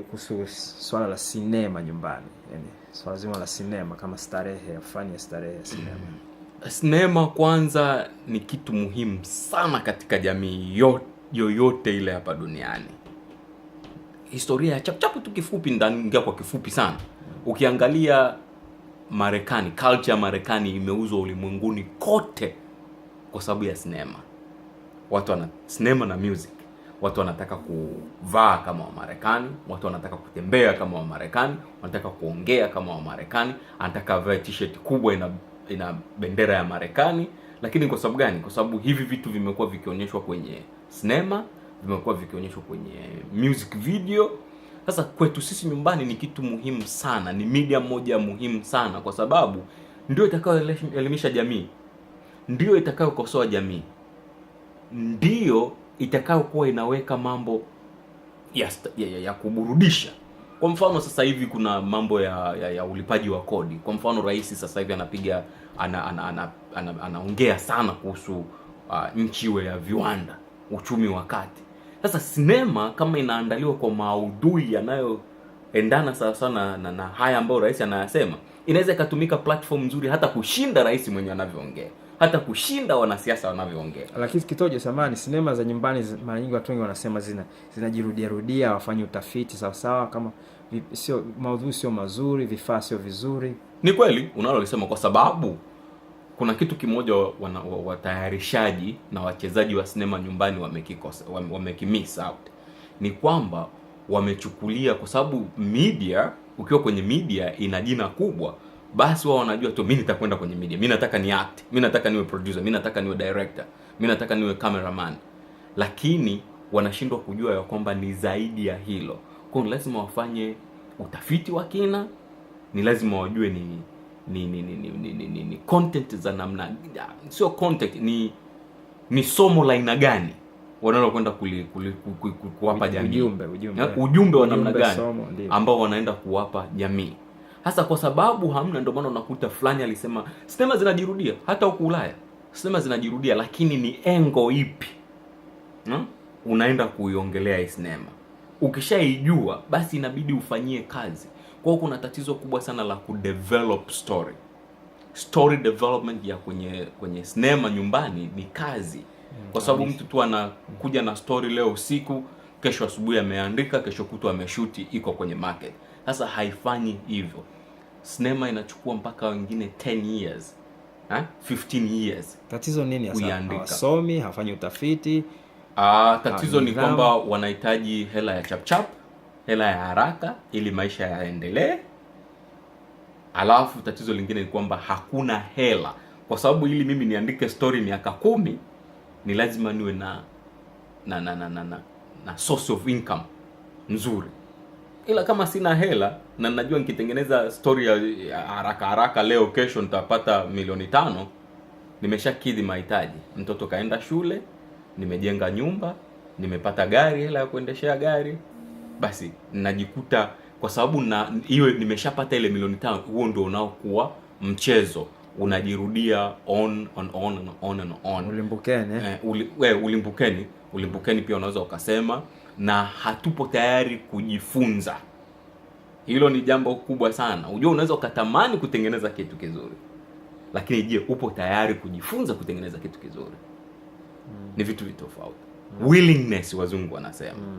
Kuhusu swala la sinema nyumbani, yani swala zima la sinema kama starehe, fani ya starehe ya sinema. Sinema kwanza ni kitu muhimu sana katika jamii yoyote ile hapa duniani. Historia ya chapuchapu tu kifupi, nitaingia kwa kifupi sana. Ukiangalia Marekani, culture ya Marekani imeuzwa ulimwenguni kote kwa sababu ya sinema. Watu wana sinema na music watu wanataka kuvaa kama Wamarekani, watu wanataka kutembea kama Wamarekani, wanataka kuongea kama Wamarekani, anataka avae t-shirt kubwa ina ina bendera ya Marekani. Lakini kwa sababu gani? Kwa sababu hivi vitu vimekuwa vikionyeshwa kwenye sinema, vimekuwa vikionyeshwa kwenye music video. Sasa kwetu sisi nyumbani ni kitu muhimu sana, ni media moja muhimu sana, kwa sababu ndio itakayoelimisha jamii, ndio itakayokosoa jamii, ndio itakayokuwa inaweka mambo ya, ya, ya, ya kuburudisha. Kwa mfano sasa hivi kuna mambo ya, ya, ya ulipaji wa kodi. Kwa mfano rais sasa hivi anapiga ana, ana, ana, ana, anaongea sana kuhusu uh, nchi iwe ya viwanda, uchumi wa kati. Sasa sinema kama inaandaliwa kwa maudhui yanayoendana sana sana na, na haya ambayo rais anayasema, inaweza ikatumika platform nzuri hata kushinda rais mwenyewe anavyoongea hata kushinda wanasiasa wanavyoongea. Lakini kitoje samani, sinema za nyumbani mara nyingi watu wengi wanasema zina zinajirudia rudia, hawafanyi utafiti sawa sawa, kama sio maudhui sio mazuri, vifaa sio vizuri. Ni kweli unalolisema, kwa sababu kuna kitu kimoja watayarishaji na wachezaji wa sinema nyumbani wamekikosa, wamekimiss out, ni kwamba wamechukulia, kwa sababu media, ukiwa kwenye media ina jina kubwa basi wao wanajua tu mimi nitakwenda kwenye media, mimi nataka ni act, mimi nataka niwe producer, mimi nataka niwe director, mimi nataka niwe cameraman, lakini wanashindwa kujua ya kwamba ni zaidi ya hilo. Kwa hiyo lazima wafanye utafiti wa kina, ni lazima wajue ni ni ni ni, ni, ni, ni, ni content za namna, sio content, ni ni somo la aina gani wanalokwenda kuwapa jamii, ujumbe ujumbe wa namna gani ambao wanaenda kuwapa jamii. Hasa kwa sababu hamna, ndio maana unakuta fulani alisema sinema zinajirudia hata huku Ulaya, sinema zinajirudia, lakini ni engo ipi hmm? unaenda kuiongelea hii sinema. Ukishaijua basi inabidi ufanyie kazi. Kwa hiyo kuna tatizo kubwa sana la kudevelop story. Story development ya kwenye kwenye sinema nyumbani ni kazi, kwa sababu mtu tu anakuja na story leo usiku kesho asubuhi ameandika, kesho kutwa ameshuti, iko kwenye market. Sasa haifanyi hivyo. Sinema inachukua mpaka wengine 10 years ha? Eh, 15 years. Tatizo nini hasa? Hawasomi, hafanyi utafiti. Ah, ah, tatizo ni kwamba wanahitaji hela ya chapchap, hela ya haraka ili maisha yaendelee. Alafu tatizo lingine ni kwamba hakuna hela, kwa sababu ili mimi niandike story miaka kumi ni lazima niwe na na na na na na source of income nzuri, ila kama sina hela na najua nikitengeneza story ya haraka haraka leo, kesho nitapata milioni tano, nimeshakidhi mahitaji. Mtoto kaenda shule, nimejenga nyumba, nimepata gari, hela ya kuendeshea gari, basi najikuta kwa sababu na hiyo nimeshapata ile milioni tano. Huo ndio unaokuwa mchezo unajirudia on on on on on on on. Ulimbukeni eh? Uli, we, ulimbukeni ulimbukeni pia unaweza ukasema, na hatupo tayari kujifunza. Hilo ni jambo kubwa sana. Unajua, unaweza ukatamani kutengeneza kitu kizuri, lakini je, upo tayari kujifunza kutengeneza kitu kizuri? Mm. Ni vitu vitofauti. Mm. Willingness wazungu wanasema. Mm.